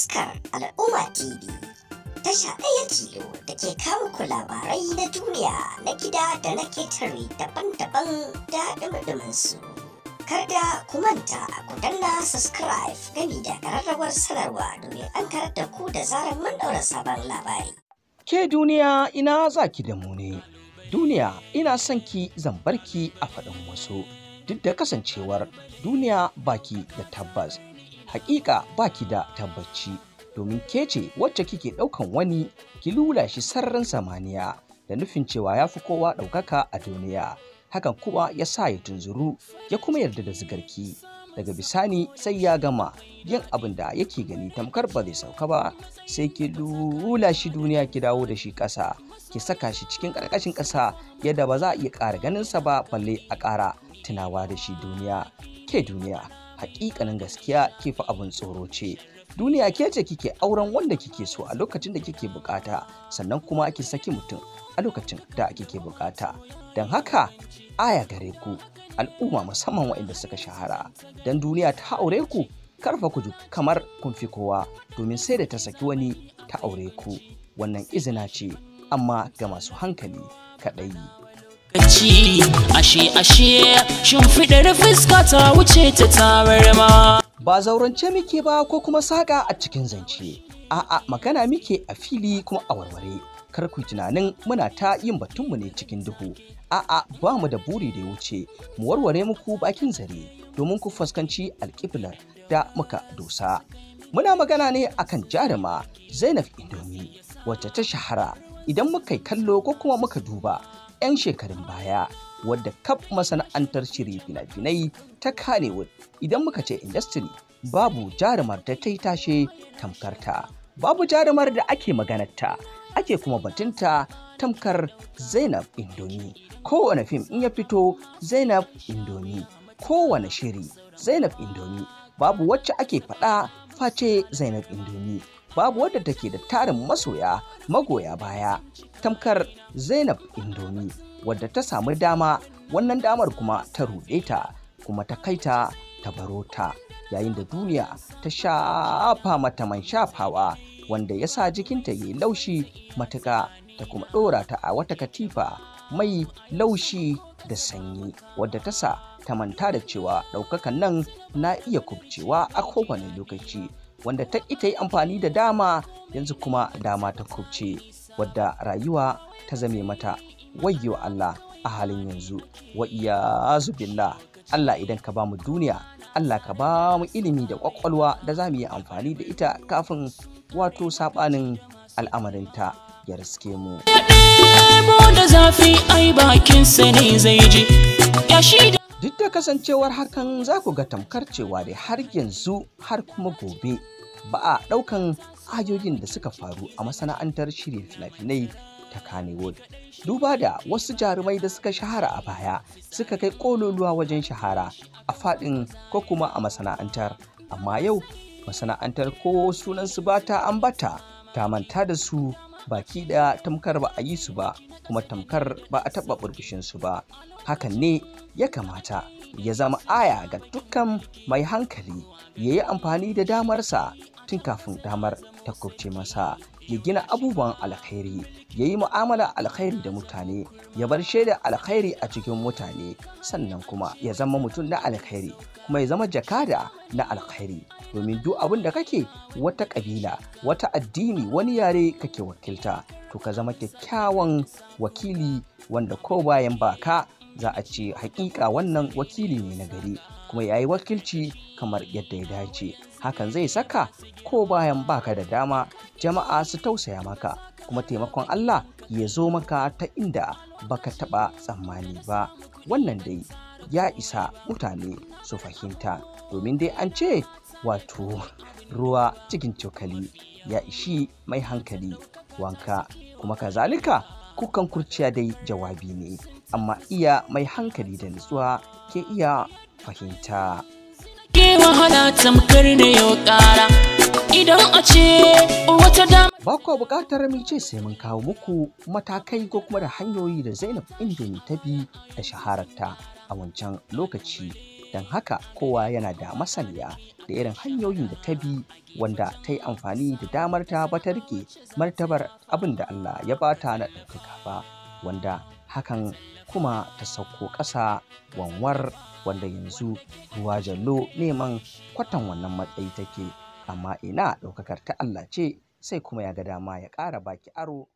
taskar al'umma tv tasha ɗaya tilo da ke kawo ku labarai na duniya na gida da na ketare daban-daban da ɗumɗumin su kada ku manta ku danna subscribe gami da ƙararrawar sanarwa domin an karar da ku da zarar mun ɗaura sabon labari ke duniya ina za ki da mu ne duniya ina son ki zambarki a faɗin wasu duk da kasancewar duniya baki da tabbas hakika ki da tabbaci domin ke ce wacce kike ɗaukan wani ki lula shi sararin samaniya da nufin cewa ya fi kowa ɗaukaka a duniya hakan kuma ya sa ya tunzuru ya kuma yarda da zigarki daga bisani sai ya gama yin abin da yake gani tamkar ba zai sauka ba sai ki lula shi duniya ki dawo da shi ƙasa ki saka shi cikin ƙarƙashin ƙasa yadda ba za a iya ƙara ganinsa ba balle a ƙara tunawa da shi duniya ke duniya hakikanin gaskiya kifa abin tsoro ce duniya ke ce kike auren wanda kike so a lokacin da kike bukata sannan kuma ake saki mutum a lokacin da kike bukata don haka aya gare ku al'umma musamman waɗanda suka shahara don duniya ta aure ku karfa ku ji kamar kun fi kowa domin sai da ta saki wani ta aure ku wannan izina ce amma ga masu hankali kaɗai. Ci ashe ashe shimfiɗar fuska ta wuce ta tarama. Ba zaurance muke ba ko kuma saƙa a cikin zance. A'a magana muke a fili kuma a warware. Kar ku tunanin muna ta yin batunmu ne cikin duhu. A'a ba mu da buri da ya wuce mu warware muku bakin zare domin ku fuskanci alƙiblar da muka dosa. Muna magana ne akan jaruma Zainab Indomi wacce ta shahara idan muka yi kallo ko kuma muka duba 'yan shekarun baya wadda kaf masana'antar shirin fina-finai ta kanewood idan muka ce industry babu jarumar da ta yi tashe tamkarta babu jarumar da ake maganarta ake kuma batunta tamkar zainab indomi kowane fim in ya fito zainab indomi kowane shiri zainab indomi babu wacce ake faɗa face zainab indomi babu wadda take da tarin masoya magoya baya tamkar zainab indomi wadda ta samu dama wannan damar kuma ta ruɗe ta kuma ta kai ta ta baro ta yayin da duniya ta shafa mata man shafawa wanda ya sa jikinta yi laushi matuka ta kuma ɗora ta a wata katifa mai laushi da sanyi wadda ta sa ta manta da cewa ɗaukakan nan na iya kubcewa a kowane lokaci wanda ta ita yi amfani da dama yanzu kuma dama ta kubce wadda rayuwa ta zame mata wayyo Allah a halin yanzu wa iyazu billah Allah idan ka bamu duniya Allah ka ba mu ilimi da kwakwalwa da za mu yi amfani da ita kafin wato saɓanin al'amarinta ya riske mu. da zafi bakin ne zai ji. Duk da kasancewar hakan za ku ga tamkar cewa dai har yanzu har kuma gobe ba a ɗaukan ayoyin da suka faru a masana'antar shirin finafinai ta Kannywood. Duba da wasu jarumai da suka shahara a baya suka kai kololuwa wajen shahara a faɗin ko kuma a masana'antar. Amma yau masana'antar ko sunansu ba ta ambata ta manta da su baki da tamkar ba a yi su ba kuma tamkar ba a taɓa burbushinsu ba hakan ne ya kamata ya zama aya ga dukkan mai hankali ya yi amfani da damarsa tun kafin damar ta kubce masa ya gina abubuwan alkhairi ya yi mu'amala alkhairi da mutane ya bar shaidar alkhairi a cikin mutane sannan kuma ya zama mutum na alkhairi kuma ya zama jakada na alkhairi domin duk abin da kake wata ƙabila wata addini wani yare kake wakilta to ka zama kyakkyawan wakili wanda ko bayan baka za a ce hakika wannan wakili ne na gari kuma ya yi wakilci kamar yadda ya dace hakan zai saka ko bayan baka da dama jama'a su tausaya maka kuma taimakon Allah ya zo maka ta inda baka taba tsammani ba wannan dai ya isa mutane su fahimta domin dai an ce wato ruwa cikin cokali ya ishi mai hankali wanka kuma kazalika kukan kurciya dai jawabi ne amma iya mai hankali da nutsuwa ke iya fahimta. Ba kuwa bukatar sai mun kawo muku matakai ko kuma da hanyoyi da Zainab inda ta bi da shahararta a wancan lokaci don haka kowa yana da masaniya da irin hanyoyin da ta bi wanda ta yi amfani da damar ta ba ta rike martabar abin da Allah ya ba ta na ɗaukaka ba wanda hakan kuma ta sauko ƙasa wanwar wanda yanzu ruwa jallo neman kwatan wannan matsayi take amma ina ɗaukakar ta Allah ce sai kuma ya ga dama ya ƙara baki aro